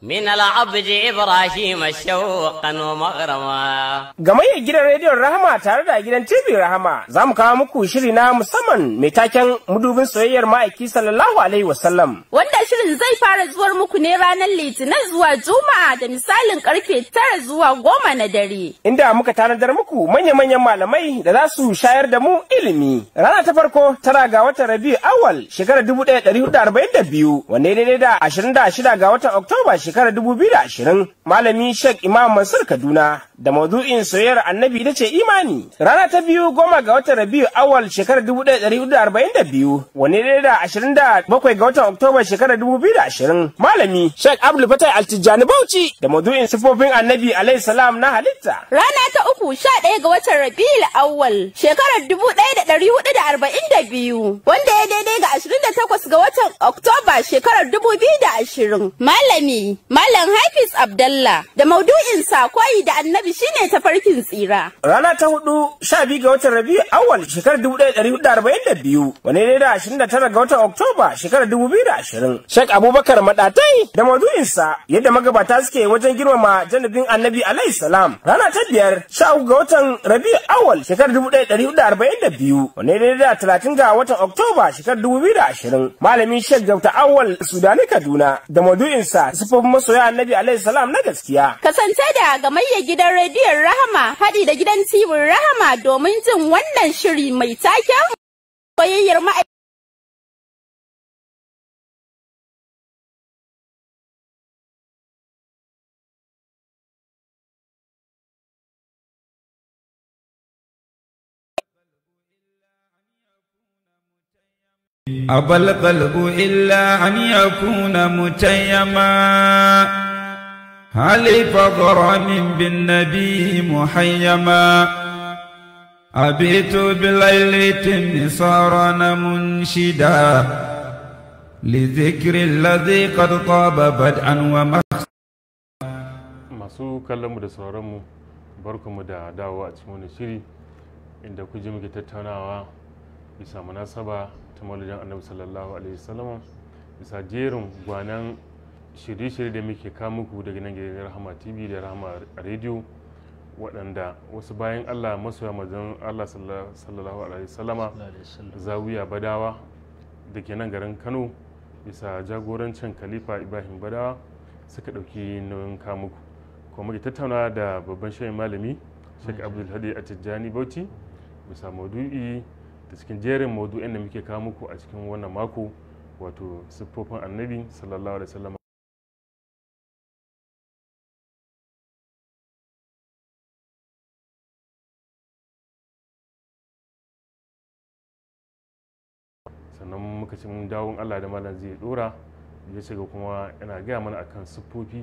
من العبد إبراهيم شوقا ومغرما gamayyar gidan rediyon Rahama tare da gidan TV Rahama za mu kawo muku shiri na musamman mai taken mudubin soyayyar ma'aiki sallallahu alaihi wasallam. Wanda shirin zai fara zuwar muku ne ranar Litinin zuwa Juma'a da misalin karfe tara zuwa goma na dare. Inda muka tanadar muku manya-manyan malamai da za su shayar da mu ilimi. Rana ta farko tara ga watan Rabiu Awal shekarar 1442 wanda ya daidai da 26 ga watan Oktoba shekarar shekarar ashirin malami Sheikh Imam Mansur Kaduna da maudu'in soyayyar annabi ita ce imani. Rana ta biyu goma ga watan Rabiu awal shekarar biyu, wani ne da ashirin da bakwai ga watan Oktoba shekarar dubu biyu da ashirin. malami Sheikh Abdul Fatai Altijani Bauchi da maudu'in sifofin annabi alaihi salam na halitta. Rana ta uku sha ɗaya ga watan Rabi'u awal shekarar dubu ɗaya da da da ɗari arba'in biyu, wanda ya daidai ga ashirin da takwas ga watan Oktoba shekarar dubu biyu da ashirin. malami Malam Hafiz Abdallah da maudu'in sakoyi da annabi shine tafarkin tsira. Rana ta hudu sha biyu ga watan Rabi awal shekarar dubu ɗaya ɗari hudu arba'in da biyu wani ne da ashirin da tara ga watan Oktoba shekarar dubu biyu da ashirin. Shek Abubakar Maɗatai da maudu'insa yadda magabata suke wajen girmama janabin annabi alayhi salam. Rana ta biyar sha uku ga watan Rabi awal shekarar dubu ɗaya ɗari hudu arba'in da biyu wani ne da talatin ga watan Oktoba shekarar dubu biyu da ashirin. Malamin Shek Dauta Awal Sudani Kaduna da sa sifofin masoya annabi alaihi salam na gaskiya. Kasance da gamayyar gidan rediyon Rahama haɗi da gidan tibin Rahama domin jin wannan shiri mai taken soyayyar ma'aikata. أبى القلب إلا أن يكون متيما هل فضرم بالنبي محيما أبيت بليلة نصارا منشدا لذكر الذي قد طاب بدءا ومخ masu kallonmu da sauranmu barkanmu da dawowa a cikin wani shiri inda ku muke tattaunawa bisa munasaba ta maulidin annabi sallallahu alaihi wasallam bisa jerin gwanan shirye-shirye da muke ka muku daga nan gidan rahama tv da rahama radio waɗanda wasu bayan allah Masu mazan allah sallallahu alaihi wasallam zawiya badawa da ke nan garin kano bisa jagorancin khalifa ibrahim badawa suka ɗauki nauyin kamuku kuma muke tattauna da babban shayin malami sheikh abdul hadi a tijjani bauchi bisa maudu'i da cikin jerin maudu'in da muke kawo muku a cikin wannan mako wato siffofin annabi sallallahu alaihi wasallam sannan muka ci mun dawon Allah da malam zai dora ya shiga kuma yana gaya mana akan siffofi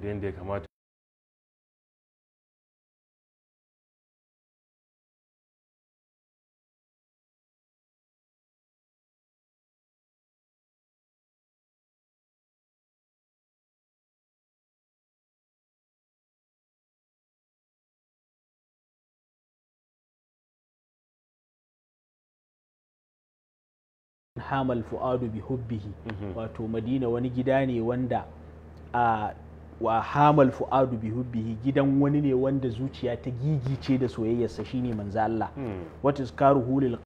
da yadda ya kamata hamal fu'adu bi hubbihi mhm. wato madina wani gida ne wanda a wa hamal fu'adu bi hubbihi gidan wani ne wanda zuciya ta gigice da soyayyarsa shine manzo Allah hmm. what is karuhul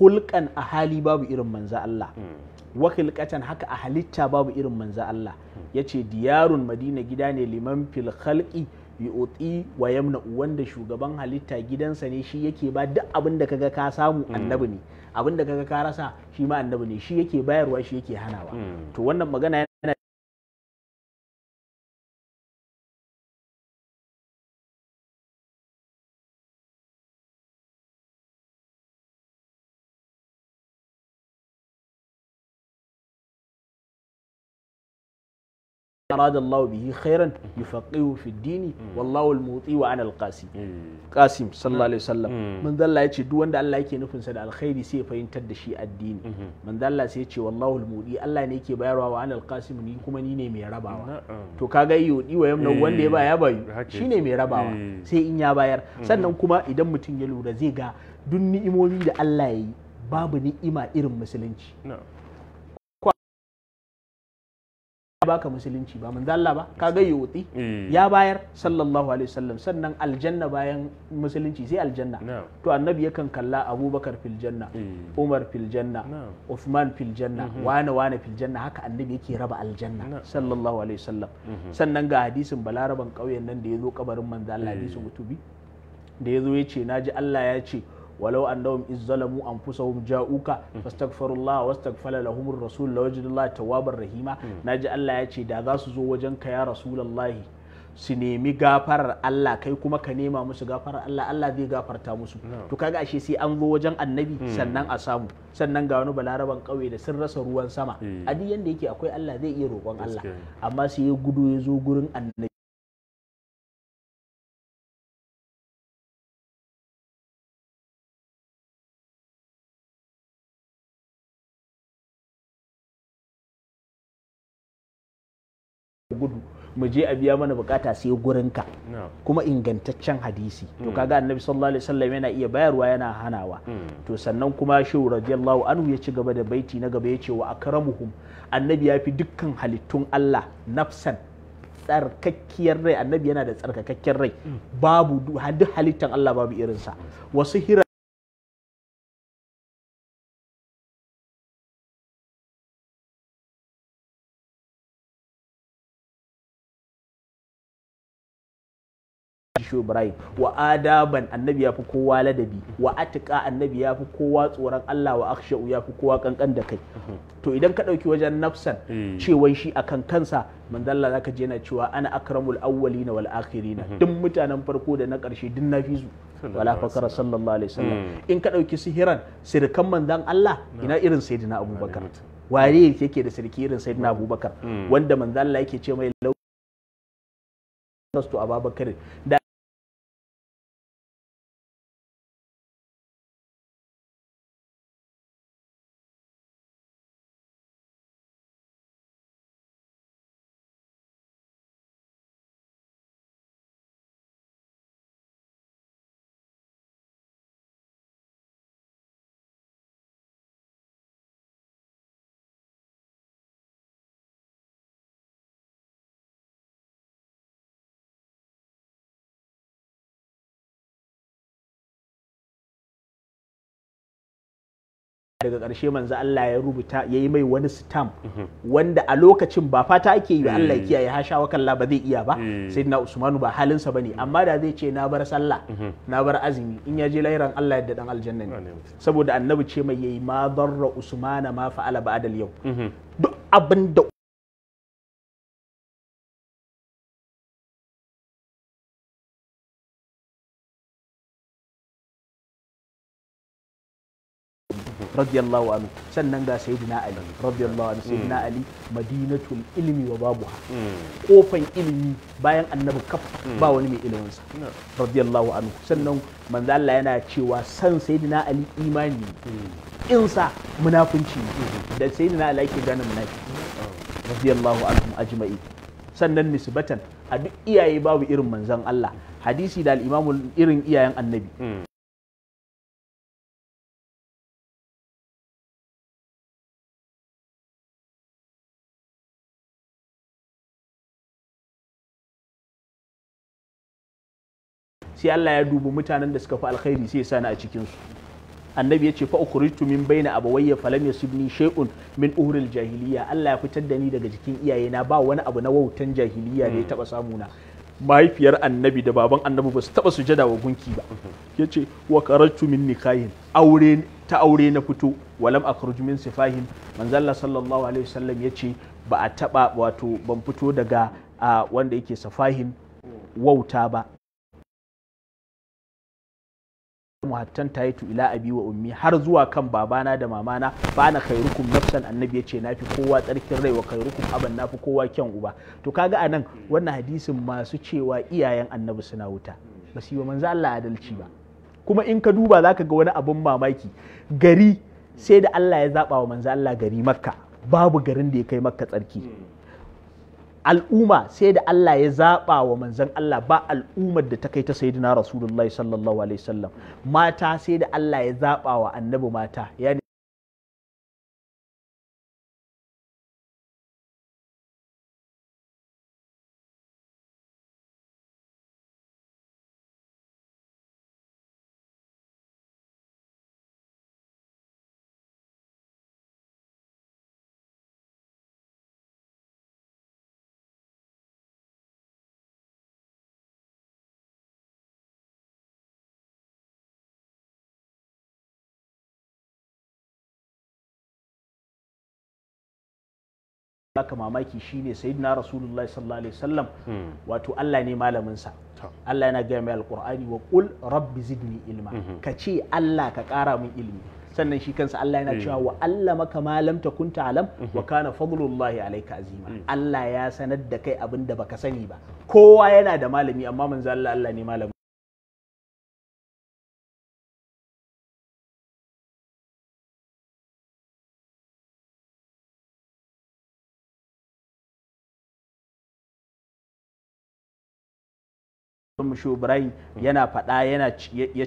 hulkan a hali babu irin manza Allah hmm. wa khilqatan haka a halitta babu irin manza Allah hmm. yace diyarun madina gida ne liman fil khalqi yu'ti wa yamna wanda shugaban halitta gidansa ne shi yake ba duk abin da kaga ka samu hmm. annabi ne abin da kaga ka rasa shi ma annabi ne shi yake bayarwa shi yake hanawa to wannan magana أراد الله به خيرا يفقهه في الدين والله الموطي وأنا القاسم قاسم صلى الله عليه وسلم من ذا الله يتشي دوان الله يكي نفن سنة الخير سيفا ينتد شيء الدين من ذا الله سيتشي والله الموطي الله نيكي بايروا وأنا القاسم نيكو من ني مي رباوا to kaga iyo iwa yamna wanda ya baya bayu shine mai rabawa sai in ya bayar sannan kuma idan mutum ya lura zai ga duk ni'imomi da Allah ya yi irin musulunci baka musulunci ba manzo Allah ba ga yuti eh. ya bayar sallallahu alaihi wasallam sannan aljanna bayan musulunci sai aljanna to annabi yakan kalla Abubakar fil janna eh. Umar fil janna Uthman fil janna mhm. wane wane fil janna haka annabi yake raba aljanna sallallahu alaihi wasallam mhm. sannan ga hadisin balaraban kauyen nan da yazo kabarin manzo Allah hadisin eh. mutubi da yazo yace naji Allah ya ce walau annahum izzalamu anfusahum ja'uka fastaghfirullah wastaghfara lahum ar-rasul lawajidullah tawabar rahima hmm. naji Allah ya ce da za su zo wajen ka ya rasulullahi su nemi gafarar Allah kai kuma ka nema musu gafarar Allah Allah zai gafarta musu to kaga ashe sai an zo wajen annabi hmm. sannan a samu sannan ga wani balaraban kauye da sun rasa ruwan sama hmm. a duk yanda yake akwai Allah zai iya roƙon Allah amma sai ya gudu ya zo gurin annabi gudu mu je a biya mana bukata sai gurinka kuma ingantaccen hadisi to hmm. kaga annabi sallallahu alaihi wasallam yana iya bayarwa yana hanawa hmm. to sannan kuma shehu radiyallahu anhu ya ci gaba da baiti na gaba ya ce wa akramuhum annabi ya fi dukkan halittun Allah nafsan tsarkakkiyar rai annabi yana da tsarkakkiyar rai hmm. babu duk halittan Allah babu irinsa wasu hira shi Ibrahim wa adaban annabi yafi kowa ladabi wa atika annabi ya kowa tsoron Allah wa akhsha'u ya fi kowa kankan da kai to idan ka ɗauki wajen nafsan hmm. cewa shi akan kansa manzalla zaka je na cewa ana akramul awwalina wal akhirina hmm. duk mutanen farko da na karshe duk na fi su wala fakara sallallahu alaihi wasallam hmm. in ka ɗauki sihiran sirkan manzan Allah ina irin sayyidina Abubakar ware yake da sirki irin sayyidina Abubakar wanda manzalla yake ce mai lastu Abubakar da daga ƙarshe manzo Allah ya rubuta ya yi mai wani stamp mhm. wanda a lokacin ba fata ake yi Allah ya mm. kiyaye hasha wa kalla ba zai iya ba sai mm. sayyidina Usmanu ba halinsa bane mm. amma da zai ce na bar sallah mhm. na bar azumi in ya je lairan Allah ya dan aljanna ne saboda annabi ce mai yayi ma darra Usmana ma fa'ala ba'adal yau mhm. duk abin radiyallahu anhu sannan ga sayyidina ali radiyallahu anhu sayyidina mm. ali madinatul ilmi wa babuha mm. kofan ilimi bayan annabi kaf mm. ba wani mai ilimin sa radiyallahu anhu sannan manzo Allah yana cewa san sayyidina ali imani in sa munafunci da sayyidina ali yake gane munafiki oh. radiyallahu anhum ajma'i sannan nisbatan a duk iyaye babu irin manzon Allah hadisi da al irin iyayen annabi sai Allah ya dubi mutanen da suka fi alkhairi sai ya sani a cikin su annabi ya ce fa ukhrijtu min baina abawayya falam yasibni shay'un min uhril jahiliya Allah ya fitar da ni daga jikin iyayena ba wani abu na wautan jahiliya da ya taba samu na mahaifiyar annabi da baban annabi ba su taba jada wa gunki ba ya ce wa qarajtu min nikahin aure ta aure na fito walam akhruj min sifahin manzalla sallallahu alaihi wasallam ce ba a taba wato ban fito daga wanda yake safahin wauta ba muhattan taitu ila abi wa ummi har zuwa kan babana da mamana ba na kai rukun nafsan annabi ya na fi kowa tsarkin rai wa kai rukun aban fi kowa kyan uba to kaga anan wannan hadisin masu cewa iyayen annabi suna wuta ba su yi wa manzo Allah adalci ba kuma in ka duba zaka ga wani abin mamaki gari sai da Allah ya zaɓa wa manzo Allah gari Makka babu garin da ya kai Makka tsarki al'umma sai da Allah ya zaɓa wa manzan Allah ba al'ummar da ta kai ta sayyidina rasulullahi sallallahu alaihi wasallam mata sai da Allah ya zaɓa wa annabi mata yani baka mamaki shine sayyidina rasulullahi sallallahu alaihi wasallam hmm. wato Allah ne malamin sa Allah yana gaya mai alqur'ani wa qul rabbi zidni ilma hmm. ka ce Allah ka kara min ilmi. sannan shi kansa Allah yana hmm. cewa wa allamaka malam ta takun ta'lam wa kana fadlullahi alayka azima Allah ya sanar da kai abinda baka sani ba kowa yana da malami amma manzo Allah Allah ne malami mu shehu yana faɗa yana ya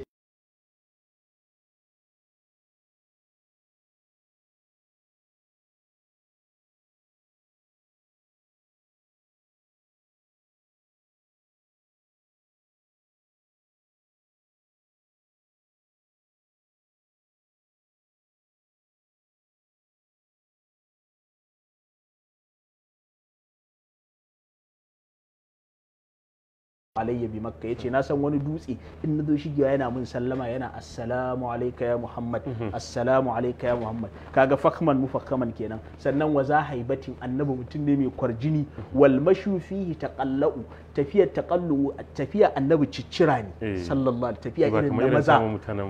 alayya bi makka yace na san wani dutse in na zo shigewa yana mun sallama yana assalamu alayka ya muhammad mhm. assalamu alayka ya muhammad kaga fakman mufakkaman kenan sannan wa za haibatin annabi mutum ne mai kwarjini mhm. wal mashu fihi taqallu tafiyar taqallu tafiya annabi ciccira ne eh. sallallahu alaihi tafiya irin na maza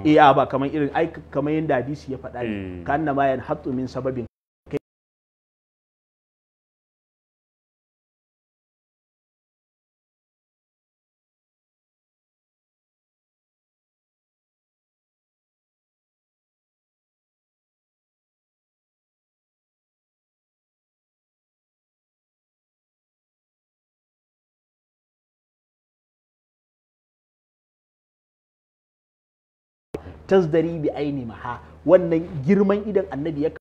eh ba kamar irin ai kamar yanda hadisi ya faɗa ne eh. ka annama yan hatu min sababin tasdari bi aini maha wannan girman idan annabi ya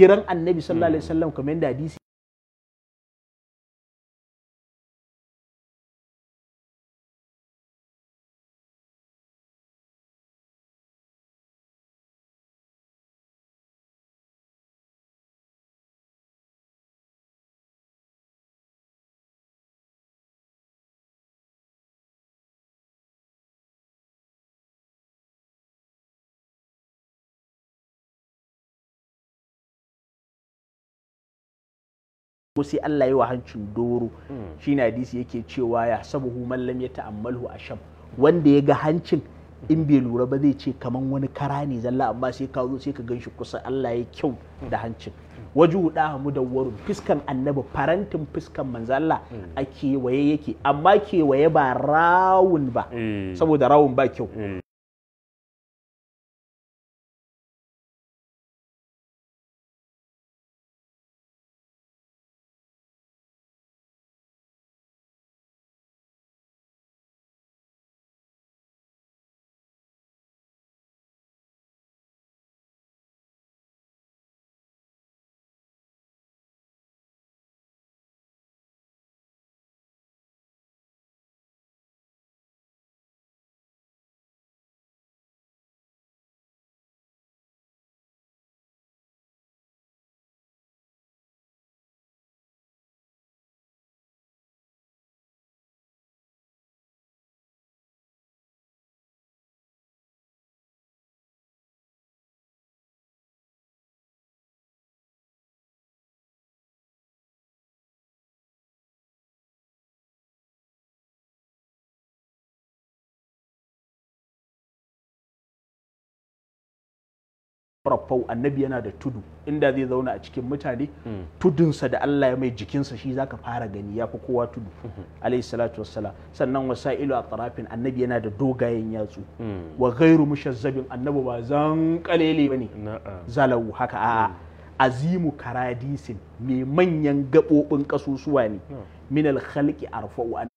giran annabi hmm. sallallahu alaihi wasallam kamar yadda hadisi ko sai Allah yi wa hancin doro hmm. shi ne hadisi yake cewa ya sabuhu ya lam a sham wanda ya ga hancin in bai lura ba zai ce kaman wani kara ne zalla amma sai ka zo sai ka gan shi kusa Allah ya kyau da hancin waju da mudawwarun fiskan annabi farantin fiskan manzo Allah hmm. a kewaye yake amma kewaye ba rawun ba eh. saboda rawun ba kyau eh. farfau annabi yana da tudu inda zai zauna a cikin mutane hmm. tudunsa da Allah ya mai jikinsa shi zaka fara gani ya fi kowa tudu hmm. alayhi salatu wassalam sannan wasa'ilu a tarafin annabi yana da dogayen yatsu hmm. wa ghairu mushazzabin annabi ba zan kalele bane zalau haka a'a azimu karadisin mai manyan gaɓoɓin ƙasusuwa ne minal khalqi arfa'u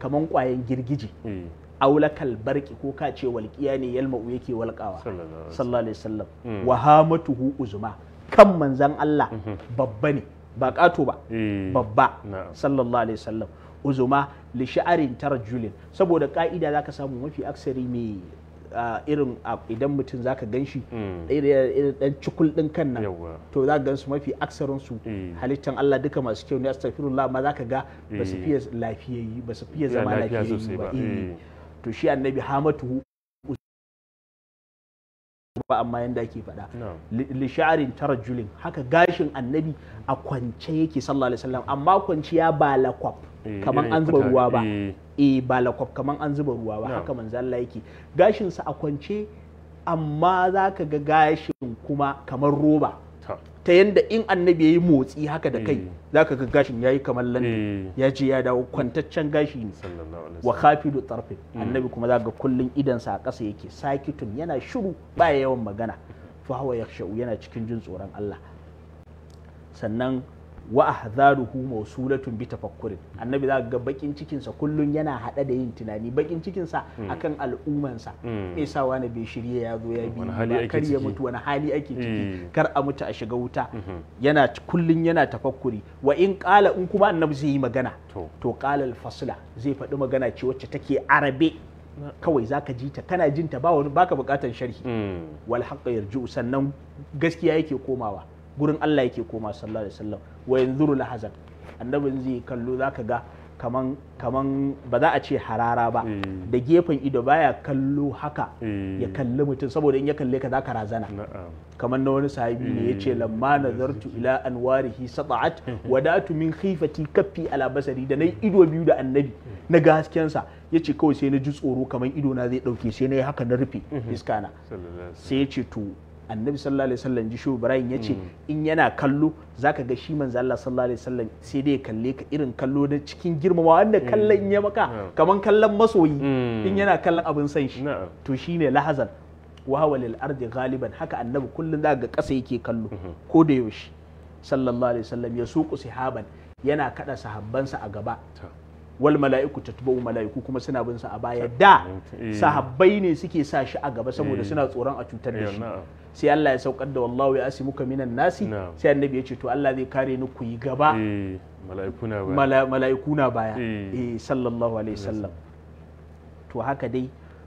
kamar kwayan girgije hmm. aula kalbarki ko ka ce walƙiya ne yalma'u yake walƙawa sallallahu alaihi wasallam hmm. wa hamatuhu uzma kan manzan Allah hmm. babba ne ba kato ba babba sallallahu alaihi wasallam uzuma li sha'arin tarjulin saboda ka'ida zaka samu mafi aksari mai irin idan mutum zaka gan shi mm. irin dan cikul din kan nan to za gan su mafi aksarinsu su mm. halittan Allah duka masu kyau ne astaghfirullah amma zaka ga ba su mm. fiye lafiyayyi ba su fiye zama lafiyayyi ba eh. to shi annabi hamatu ba amma yanda ake faɗa lisharin tarajulin haka gashin annabi a kwance yake sallallahu alaihi wasallam amma kwanciya ba lakwaf eh, Kamar eh, an zuba ruwa ba eh, eh ba kamar an zuba ruwa ba haka manzo Allah yake gashin sa a kwance amma zaka ga gashin kuma kamar roba ta yadda in annabi ya yi motsi haka da kai eh. za ka ga gashin ya yi kamar landi eh. ya je ya dawo kwantaccen gashi ne wa da tarfi hmm. annabi kuma za ga kullum idansa a ƙasa yake sakitun yana shiru ba yawan magana fa hawa yana cikin jin tsoron Allah sannan wa ahzaruhu mawsulatun bi tafakkurin annabi za ga bakin cikinsa kullum yana hada da yin tunani bakin cikin sa hmm. akan al'umman sa hmm. me wani bai shirye ya zo ya bi kar ya mutu wani hali ake ciki hmm. kar a mutu a shiga wuta yana kullum yana tafakkuri wa in qala in kuma annabi zai yi magana to qala al-fasla zai faɗi magana ce wacce take arabe kawai zaka ji ta kana jinta ba wani baka bukatar sharhi wal haqqa yarju sannan gaskiya yake komawa gurin Allah yake koma sallallahu alaihi wasallam wa yanzuru lahazan annabin zai kallo zaka ga kaman kaman ba za a ce harara ba hmm. da gefen ido baya kallo haka hmm. ya kalli mutum saboda in ya kalle ka zaka razana kaman na wani sahibi ne yace hmm. lamma nazartu ila anwarihi sata'at wadatu min khifati kaffi ala basari da nayi ido biyu da annabi na ga sa ya ce kawai sai na ji tsoro kaman ido na zai dauke sai na yi haka na rufe iska na sai yace to annabi sallallahu alaihi wasallam jishu ibrahim ya ce hmm. in yana kallo zaka ga shi manzo Allah sallallahu alaihi wasallam sai dai kalle ka irin kallo da cikin girmama wanda hmm. kallon ya maka hmm. kaman kallon masoyi in yana kallon abin san shi to shine lahazan wa walil ardi galiban haka annabi kullun zaka ga kasa yake kallo ko da yaushe sallallahu alaihi wasallam ya suku sahaban yana kada sahabbansa a gaba wal mala'iku tatba'u mala'iku kuma suna bin sa a baya da eh. sahabbai ne suke sa shi a gaba saboda eh. suna tsoron a cutar da eh, shi sai Allah ya saukar da wallahu ya asimuka minan nasi sai annabi ya ce to Allah zai kare ni ku yi gaba mala'iku na baya eh sallallahu alaihi wasallam to haka dai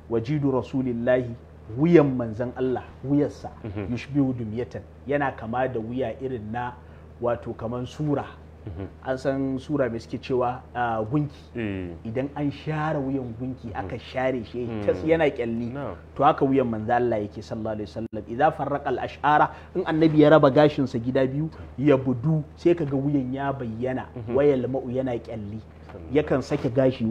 wajidu rasulillahi wuyan manzan Allah wuyarsa mhm. yushbihu dumyatan yana kama da wuya irin na wato kaman sura Mhm. an san sura mai suke cewa gunki eh. idan an share wuyan gunki mm. aka share shi mm. yana kyalli to haka wuyan manzo Allah yake sallallahu alaihi wasallam idza farraqal ashara in annabi ya raba gashin sa gida biyu ya budu sai kaga wuyan ya bayyana mhm. wayal ma'u yana kyalli yakan sake gashi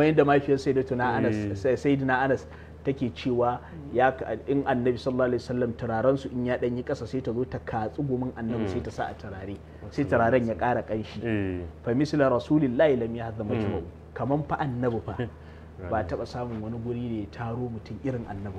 kamar yadda mafiyar sayyidina Anas eh. sayyidina Anas take cewa ya in annabi sallallahu alaihi wasallam turaren su in ya dan yi kasa sai ta zo ta katsu gumin annabi sai ta sa a turare sai turaren ya kara kanshi eh. fa misla rasulillahi lam yahdha hmm. majma'u kaman fa annabi fa ba taba samun wani guri da ya taro mutum irin annabi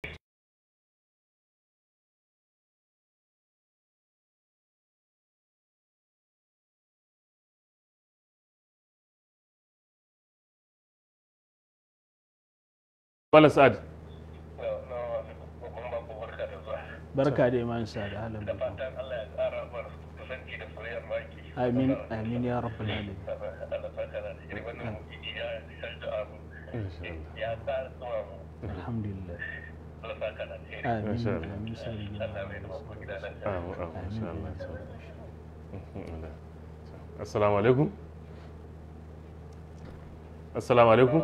bala Sa'ad. Barka da Imam Sa'ad halin Da fatan Allah ya tsara bar kusanci da Amin amin ya rabbal alamin. Ya tsara mu. Alhamdulillah. Amin amin sai ya. Assalamu alaikum. Assalamu alaikum.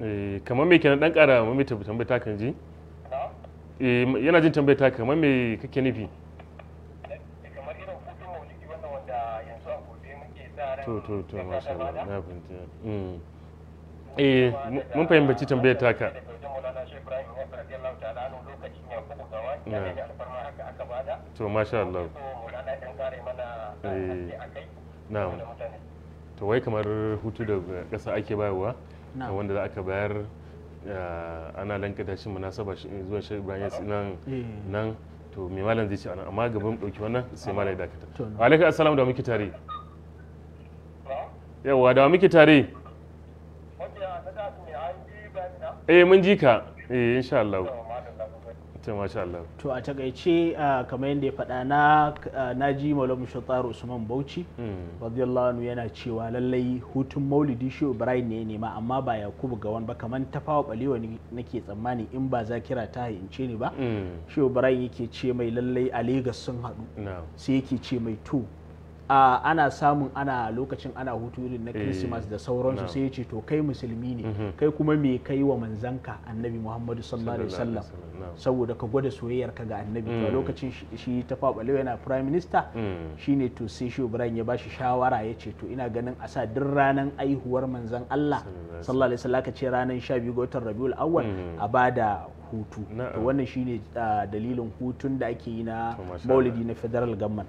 Eh, kamar mai kenan dan kara mai mita tambayar ta kan ji eh, yana jin tambayar ta kamar mai kake nufi eh, kamar irin hutun maulidi wannan wanda yanzu a gobe muke tsara ran to to to masha Allah na fahimta mm. eh mun fahimci tambayar taka to masha Allah na'am to wai kamar hutu da ƙasa ake bayarwa wanda za aka bayar ana lankata shi munasaba zuwa shi bayan nan eh. nan to me malam zai ce anan amma gaban dauki wannan sai malam ya dakata wa alaikum da muke tare yawa da muke tare eh mun ji ka eh insha Allah to masha Allah to a takaice kamar yadda ya faɗa na naji malam shatar usman bauchi hmm. radiyallahu anhu yana cewa lallai hutun maulidi shi ibrahim ne nema amma ba yakubu ga wani ba kamar tafawa balewa nake tsammani in ba za kira ta in ce ni ba hmm. shi ibrahim yake ce mai lallai a lagos sun haɗu sai yake ce mai to ana samun ana lokacin ana hutu irin na eh, Christmas da sauransu sai ya ce to kai musulmi ne mhm. kai kuma me kai wa manzanka annabi Muhammadu sallallahu alaihi wasallam saboda ka gwada soyayyarka ga annabi mm. to lokacin shi ta faɓa yana prime minister mm. shine to sai shi Ibrahim ya bashi shawara ya ce to ina ganin a sa duk ranan aihuwar manzan Allah sallallahu alaihi wasallam ka ce ranan 12 ga watan Rabiul Awwal mm. a bada hutu to wannan shine ah, dalilin hutun da ake yi na maulidi na federal government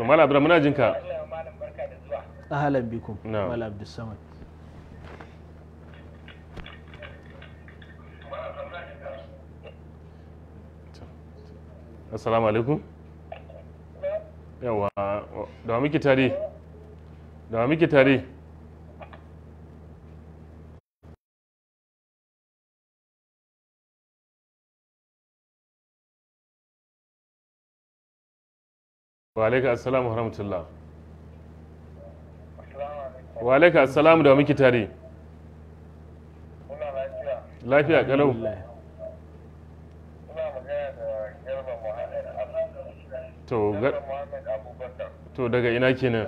to mala abdul muna jinka ahalan bikum mala abdul samad assalamu alaikum yawa da wa muke tare da wa muke tare wa alaika assalamu wa rahmatullah wa alaika assalamu da muke tare lafiya kalau to daga ina kenan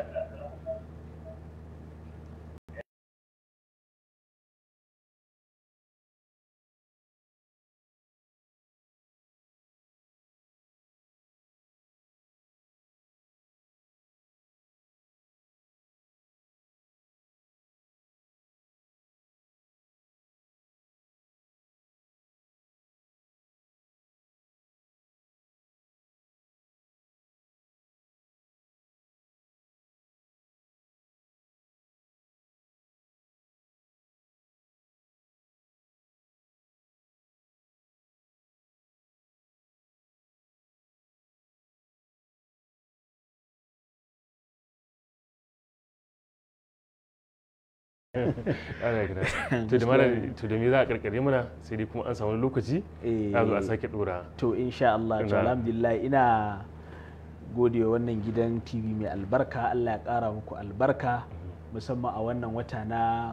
ana to da mana to da me za a karkare mana sai dai kuma an samu lokaci a zo a eh, sake dora to insha Allah to alhamdulillah ina godewa wannan gidan TV mai albarka Allah ya kara muku albarka mhm. musamman a wannan wata na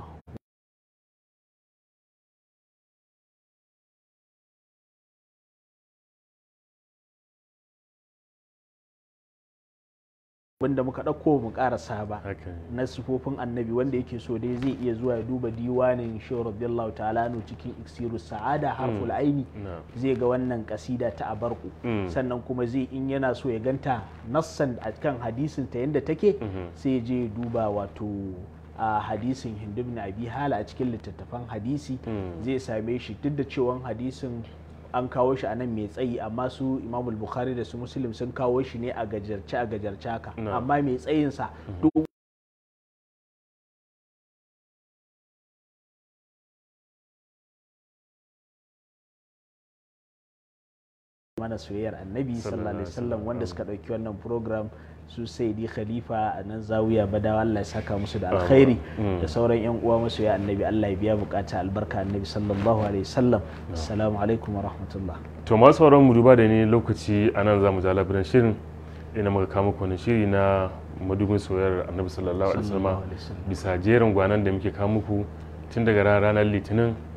wanda muka ɗauko mu ƙarasa ba na sifofin annabi wanda yake so dai zai iya zuwa ya duba diwanin shehu radiyallahu ta'ala no cikin iksiru sa'ada harful mm. aini zai ga wannan kasida ta abarku mm. sannan kuma zai in yana so ya ganta nassan a kan hadisin ta yadda take mm-hmm. sai je duba wato a hadisin hindu bin abi hala a cikin littattafan hadisi mm. zai same shi duk da cewa hadisin an kawo shi a nan mai tsayi amma su imamul bukhari da su muslim sun kawo shi ne a gajarce a gajarce haka amma mai tsayinsa mhm. duk mana soyayyar annabi sallallahu alaihi wasallam wanda suka ɗauki wannan program su sai di khalifa a nan zawiya badawa Allah ya saka musu da alkhairi da mm. sauran yan uwa musu ya annabi Allah ya biya bukata albarka annabi sallallahu alaihi wasallam assalamu alaikum wa rahmatullah to ma sauran mu duba da ni lokaci a nan zamu ja labarin shirin ina muka kama muku shiri na madubin soyayyar annabi sallallahu alaihi wasallam bisa jerin gwanan da muke kawo muku tun daga ranar litinin